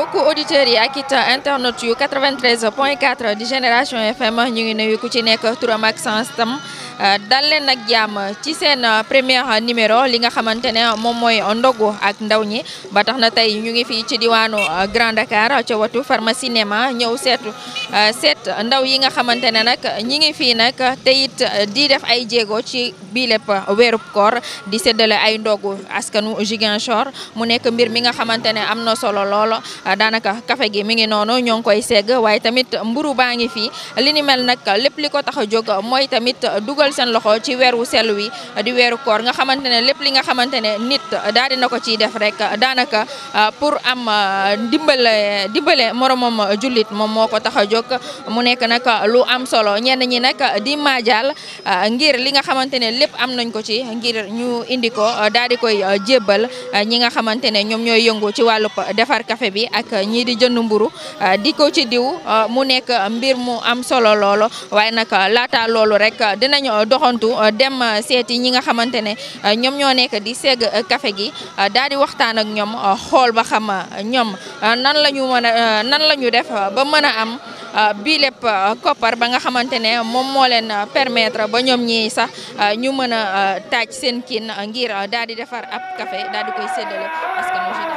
mbokku auditeurs yi ak it internet yu 93 point 4 di génération FM ñu ngi nuyu ku ci nekk turam ak sans tam Euh, dal leen nag jàmm ci seen euh, premier euh, numéro li nga xamante ne moom mooy ndogu ak ndaw ñi ba tax na tey ñu ngi fii ci diwaanu Grand Dakar ca watu pharmacie Nema ñëw seetu seet ndaw yi nga xamante ne nag ñi ngi fii nag te it di def ay jéego ci bii lépp weerub koor di séddale ay ndogu askanu Ziguinchor mu nekk mbir mi nga xamante ne am na solo lool daanaka kafe gi mi ngi noonu ñoo ngi koy segg waaye tamit mburu baa ngi fi li ni mel nag lépp li ko tax a dugal seen loxo ci weer wu wi di weeru koor nga xamantene lepp li nga xamantene nit daal dina ko ci def rek danaka ah, pour am ah, dimbale dimbalé moromom julit mom moko kota jok mu nek nak lu am solo ñen ñi nak di majal ah, ngir li nga xamantene lepp am nañ ko ci ngir ñu indi ko daal di koy jébal ñi nga xamantene ñom ñoy yëngu ci walu defar café bi ak ñi di jënd mburu di ko ci diw mu nek mbir mu am solo lolo waaye nak laata lolo rek dinañu doxantu euh, dem euh, seeti ñi nga xamante ne euh, ñoom ñoo nekk di segg kafe gi daal di waxtaan ak ñoom xool ba xam ñoom nan la ñu mën a nan la ñu def ba mën a am bii lépp koppar ba nga xamante ne moom moo leen permettre ba ñoom ñii sax ñu mën a taaj seen kiin ngir daal di defar ab café daal di koy séddale askan wi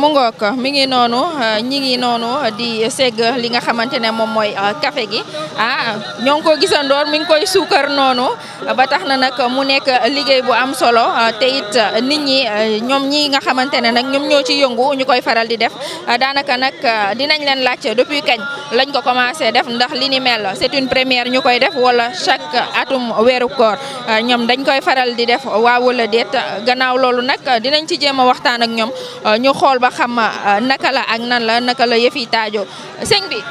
mu ngook mi ngi nonu euh, ñi ngi nonu di segg li nga xamantene mom moy euh, café gi ah ñong ngi ko gisandoor mi ngi koy sukar nonu ba tax na mu nek liggey bu am solo euh, te it nit ñi ñom ñi nga xamantene nak ñom ñoo ci yëngu ñukoy faral di def danaka nak dinañ leen lacc depuis kagn lañ ko commencé def ndax li ni mel c'est une première ñukoy def wala chaque atum wéru koor ñom dañ koy faral di def waa wala det gannaaw lolu nak dinañ ci jema waxtaan ak ñom ñu xol ba ba xam euh, naka la ak nan la naka la yëf yi taajoo sëñ bi.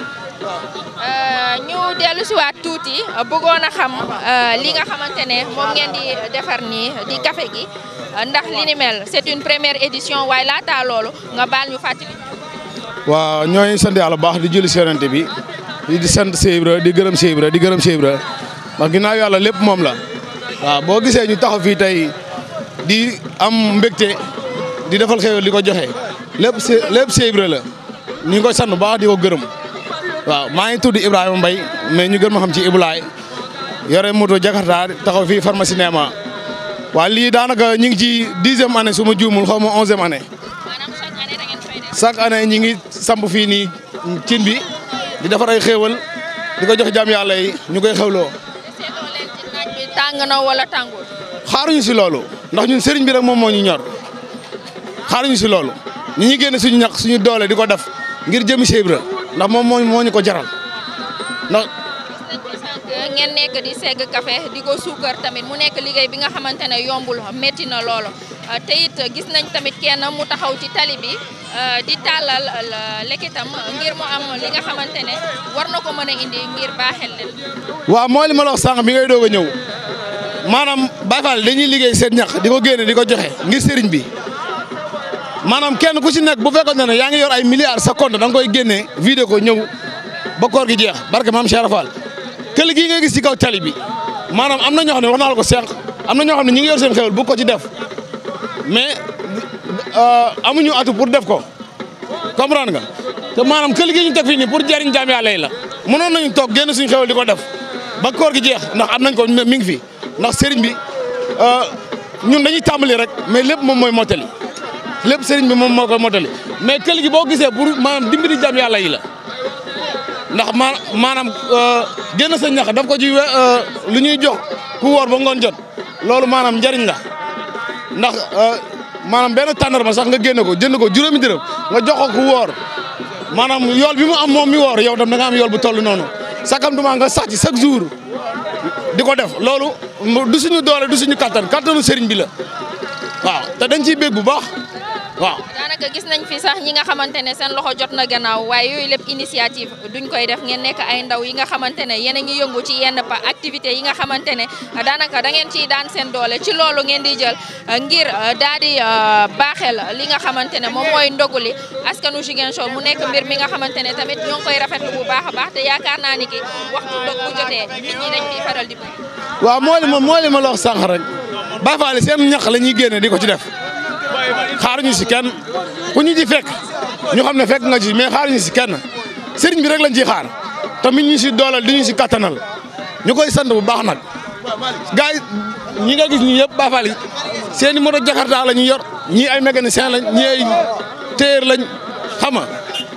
Euh, ñu dellu si waat tuuti bëggoon xam euh, li nga xamante moom ngeen di defar nii di café gi ndax li ni mel c'est une première édition waaye laataa loolu nga baal ñu fàttali. waaw ñooy bu baax di julli si bi di sant Cheikh di gërëm Cheikh di gërëm Cheikh Ibra ndax yàlla lépp moom la waaw boo gisee ñu taxaw fii tey di am mbégte di defal xéwal di ko joxe. lepp si lépp si Ibra la ñu ngi koy baax di ko gërëm waaw ma ngi tuddi Ibrahima mbay mais ñu gën ma xam ci ibulay yoré moto Jakarta taxaw fi pharmacie Néma wa li danaka ñi ngi ci 10e année su ma juumul xaw ma onzième année chaque année ñi ngi samp fi ni cin bi di defar ay xéewal di ko jox jàmm yalla yi ñu koy xewlo tàng na wala tangul xaaruñu ci lolu ndax ñun serigne bi rek mom moo ñu ñor xaaruñu ci lolu ñi ñu suñu ñax suñu doole di def ngir jëm Cheikh Ibra ndax moom moo moo ko jaral ndax. ngeen nek di ségg café diko ko tamit mu nek ligay bi nga xamantene yombul metti na lolo te it gis nañ tamit kenn mu taxaw ci tali bi euh, di talal, euh, lekitam ngir mu am li nga xamantene ne war na ko indi ngir baxel leen. wa mooy li ma wax sànq bi ngay doog ñew manam bafal dañuy ligay seen ñax di ko diko di joxe ngir sëriñ bi. maanaam kenn ku ci nekk bu fekkoon ne yaa ngi yor ay milliards sa compte da nga koy génnee vidéo ko ñëw ba koor gi jeex barke maam Cheikh Rafal këll gii ngay gis si kaw tali bi maanaam am na ñoo xam ne wax naa la ko sànq am na ñoo xam ne ñu ngi yor seen xewal bu ko ci def mais euh, amuñu atu pour def ko comprendre nga te maanaam këll gi ñu teg fii nii pour jariñ jaam Yàlla la mënoon nañu toog génn suñu xewal di ko def ba koor gi jeex ndax am nañ ko mi ngi fi ndax sëriñ bi euh, ñun dañuy tàmbali rek mais lépp moom mooy mottali lepp sëriñ bi mom moko koy motali mais kël gi boo gisee pour dimbi di jàmm yalla yi la ndax manam euh génn sa ñax daf ko ci euh lu ñuy jox ku wor ba ngon jot loolu manam jariñ la ndax euh maanaam benn tàndarma sax nga génne ko jënd ko juroomi dërëm nga jox ko ku woor maanaam yool bi mu am mom mi wor yow tam da nga am yool bu tollu nonu sakam duma nga sax ci chaque jour diko def lolu du suñu doole du suñu kattan kattanu serigne bi la waaw ta dañ ci bég bu baax waaw daanaka gis nañ fi sax ñi nga xamante ne seen loxo jot na gannaaw waaye yooyu lépp initiative duñ koy def ngeen nekk ay ndaw yi nga xamante ne yéen a ngi yëngu ci yenn pa activité yi nga xamante ne daanaka da ngeen ciy daan seen doole ci loolu ngeen di jël euh, ngir euh, daal di euh, baaxel li nga xamante ne moom mooy ndogu li askanu Ziguinchor mu nekk mbir mi nga xamante ne tamit ñoo ngi koy rafetlu bu baax a baax te yaakaar naa ni ki waxtu dog bu jotee nit ñi dañ fiy faral di. waaw moo ma moo ma la wax sànq rek Baay Faal seen la ñuy génne di ko ci def. xaaruñu si kenn ku ñu ci fekk ñu xam ne fekk nga ci mais xaaruñu si kenn sëriñ bi rek lañ ciy xaar te mi ñu si doolal di ñu si kattanal ñu koy sant bu baax nag. gars ñi nga ñi yëpp baafal yi seen i moto jakarta la ñu yor ñii ay mécanicien lañ ñii ay téer lañ xama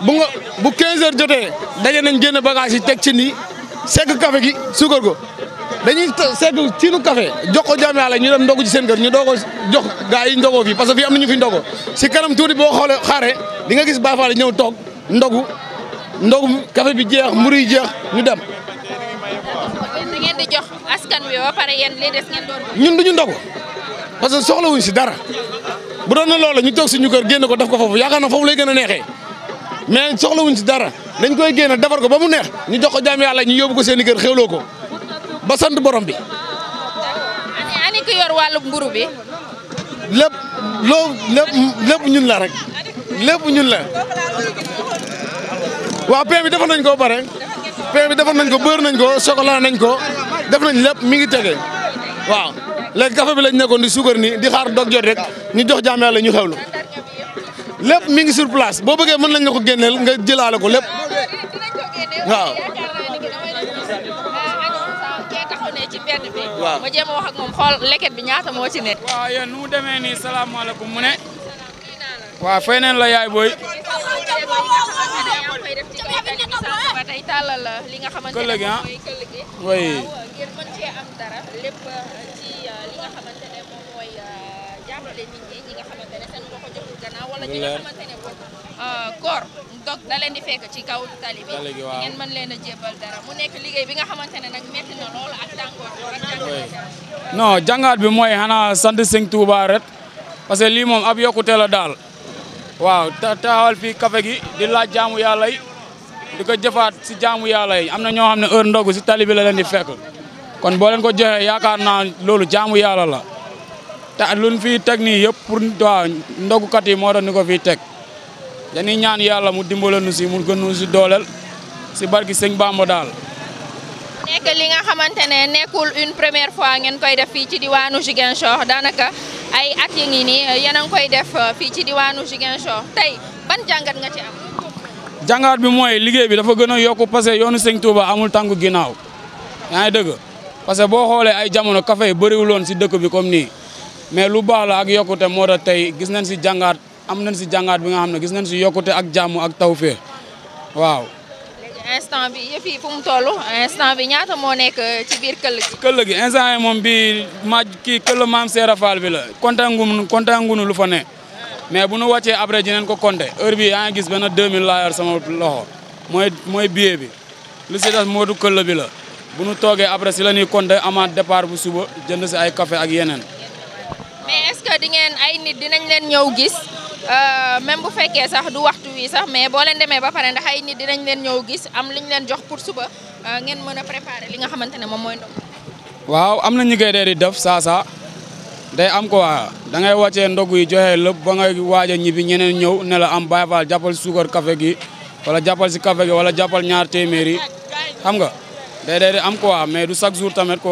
bu nga bu 15 heures jotee nañ génn bagage yi teg ci nii sekk café gi suukar dañuy ci ciinu café jox ko jaam yàlla ñu dem ndogu ci seen gër ñu dogo jox gaay yi ndogoo fii parce que fi am ñu fi ndogo ci kanam tuuti bo xolé xaré di nga gis Baay Faal ñëw toog ndogu ndogu café bi jeex mburu jeex ñu dem. da ngeen di jox askan wi ba pare yéen li ngeen doon ñun duñu ndogo parce que wuñ si dara bu doona na loolu ñu toog suñu gër génn ko daf ko fofu yaaka na fofu lay gëna nexé mais soxla wuñ si dara dañ koy génn defar ko ba mu neex ñu jox ko jaam ñu yobbu ko seen gër xewlo ko ba sant borom bi. ani ki yor wàllu mburu bi. lépp lépp ñun la rek lépp ñun la waaw pain bi defar nañ ko bare pain bi defar nañ ko beurre nañ ko chocolat nañ ko def nañ lépp mi ngi tege waaw léegi café bi lañ nekkoon di suukar nii di xaar dog jot rek ñu jox jaam yàlla ñu xewlu lépp mi ngi sur place boo bëggee mën nañ ko génneel nga jëlaale ko lépp waaw waaw ma jéem a wax moom xool leket bi ñaata moo ci nekk. waaw yéen nu mu demee nii salaamaaleykum mu ne. waaw fay la yaay booy. tey tàllal li nga xamante ne ah. mooy këll jàppale nit bi non bi mooy xanaa sant sëñ Touba ret parce que li mom ab yokute la dal waaw tawal fi cafe gi di la jamu yalla yi di ko jëfaat si jaamu yàlla ya yi amna ño xamne heure ndogu ci talibi la len di fekk kon bo len ko joxe yakarna lolu jamu yalla la te luñ fii teg nii yëpp pour waaw ndogukat yi moo doon ni ko fii teg dañuy ñaan yàlla mu dimbale nu si mu gën nu si dooleel si barki sëñ Bamba daal. nekk li nga xamante ne nekkul une première fois ngeen koy def fii ci diwaanu Ziguinchor daanaka ay at yi koy def uh, fii ci diwaanu Ziguinchor tey ban jàngat nga ci am. bi mooy liggéey bi dafa gën a yokku parce que yoonu sëñ Touba amul tànku ginnaaw yaa ngi dëgg parce que boo xoolee ay jamono café yi si dëkk bi comme nii. mais lu baax la ak yokkute moo tey gis nañ si jàngaat am nañ si jàngaat bi nga xam ne gis nañ si yokkute ak jàmm ak tawféex waaw. instant bi yëf yi fu bi ñaata moo nekk euh, ci biir këll gi. instant yi moom bi ma kii këll maam bi la compté ngunu compté ngunu lu fa mais bu nu wàccee après dinañ ko compté heure bi yaa ngi gis benn 2000 laa yor sama loxo mooy mooy billet bi lu si des moodu këll bi la bu nu toogee après si la ñuy compté amaat départ bu suba jënd si ay café ak yeneen. mais est-ce que di ngeen ay nit dinañ leen ñëw gis euh, même bu fekkee sax du waxtu wi sax mais boo leen demee ba pare ndax ay nit dinañ leen ñëw gis am liñ leen jox pour suba euh, ngeen mën a préparer li nga xamante ne moom mooy ndogu. waaw am na ñu koy dee di def saa saa day am ko waa da ngay wàccee ndogu yi joxe lépp ba ngay waaj a ñibbi ñeneen ñëw ne la am Baay Faal jàppal suukar café gi wala jàppal si café gi wala jàppal ñaar téeméeri xam nga day dee di am ko mais du chaque jour tamit ko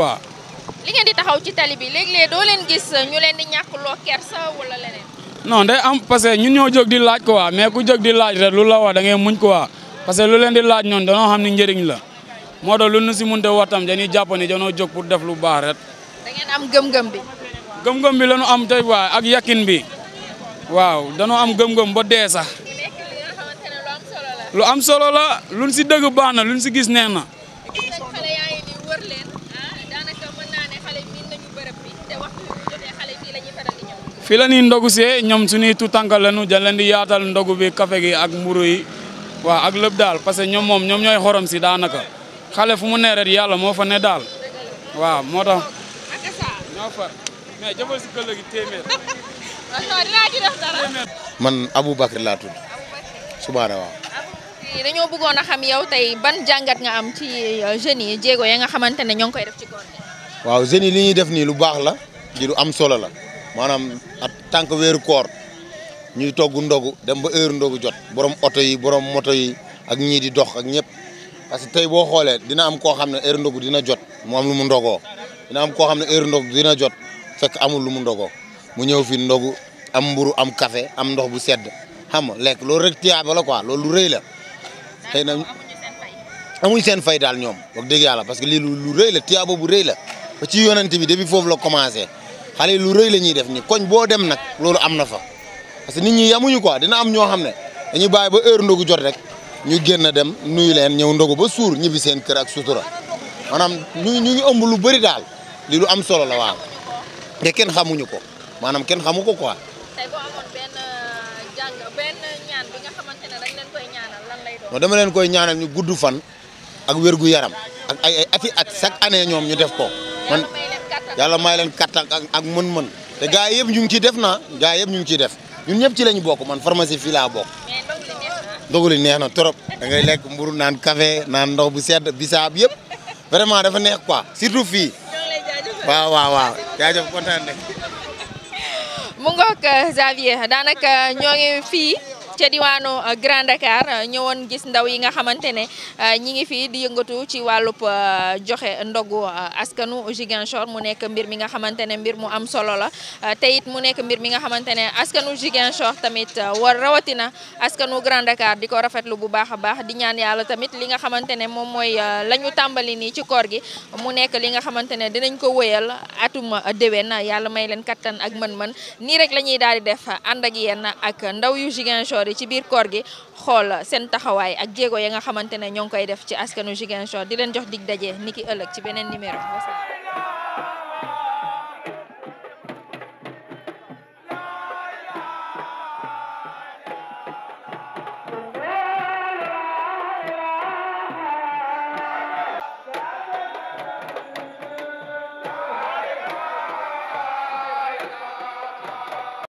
li ngeen di taxaw ci tali bi léeg-léeg doo leen gis ñu leen di ñàkk loo wala non day am parce que ñun ñoo di laaj quoi mais ku di laaj rek lu la wax da ngay muñ quoi parce que lu di laaj ñoon danoo xam ni njëriñ la moo tax lu nu si mënta wax dañuy jàpp ne danoo pour def lu baax rek. da ngeen am gëm-gëm bi. gëm-gëm bi la am tey waaye ak yakin bi waaw am gëm-gëm ba sax. lu am solo la si dëgg baax na gis neex fii la ñuy ndogu see ñoom suñuy tutànka lañu dañ leen di yaatal ndogu bi café gi ak mburu yi waaw ak lépp daal parce que ñoom moom ñoom ñooy xorom si daanaka xale fu mu nee yàlla moo fa ne daal waaw moo tax ñoo far mais jëfal si laa tudd subaana eh, dañoo bëggoon a xam yow tey ban jàngat nga am ci euh, jeunes yi jéego nga xamante ne ñoo ngi koy def ci góor waaw jeunes li ñuy def nii lu baax la di lu am solo la maanaam at tànk weeru koor ñuy toog ndogu dem ba heure ndogu jot borom oto yi borom moto yi ak ñii di dox ak ñëpp parce que tey boo xoolee dina am koo xam ne heure ndogu dina jot mu am lu mu ndogoo dina am koo xam ne heure ndogu dina jot fekk amul lu mu ndogoo mu ñëw fi ndogu am mburu am kafe am ndox bu sedd xam nga lekk loolu rek tiyaaba la ko lool lu rëy la xëy na amuñ seen fay daal ñoom wax dëgg yàlla parce que lii lu rëy la tiyaaba bu rëy la ba ci yonent bi depuis foofu la commencé xale yi lu rëy la ñuy def nii koñ boo dem nag loolu am na fa parce que nit ñi yamuñu ko dina am ñoo xam ne dañuy bàyyi ba heure ndogu jot rek ñu génn dem nuyu leen ñëw ndogu ba suur ñibbi seen kër ak sutura maanaam ñu ñu ëmb lu bari daal li lu am solo la waaw te kenn xamuñu ko maanaam kenn xamu ko ko tey boo amoon benn euh, jàng leen koy ñaanal ñu gudd fan ak wér gu yaram ak ay ay ati at chaque année ñoom ñu def ko. man la may leen kattan ak ak mën-mën te gars yëpp ñu ngi ciy def na gars yëpp ñu ngi ciy def ñun ñëpp ci lañ bok man pharmacie fii la bokk ndogu li neex na trop da ngay lekk mburu naan café naan ndox bu sedd bisaab yëpp vraiment dafa neex quoi surtout fii waaw waaw waaw jaajëf kontaan mu ngoog Xavier daanaka ñoo fii ci diwanu eh, Grand Dakar ñewon eh, gis ndaw yi nga xamantene eh, ñi ngi fi di yëngatu ci walup joxe ndogu askanu Ziguinchor mu nek mbir mi nga xamantene mbir mu am solo la te it mu nek mbir mi nga xamantene askanu Ziguinchor tamit war rawatina askanu Grand Dakar di rafetlu bu baaxa baax di ñaan yalla tamit li nga xamantene mom moy lañu tambali ni ci koor gi mu nek li nga xamantene dinañ ko wëyal atuma dewen yalla may leen katan ak man man ni rek lañuy daali def ak ak ndaw yu ci biir koor gi xool seen taxawaay ak jéego ya nga xamante ne ñoo ngi koy def ci askanu Ziguinchor di leen jox dig daje niki ëllëg ci beneen numéro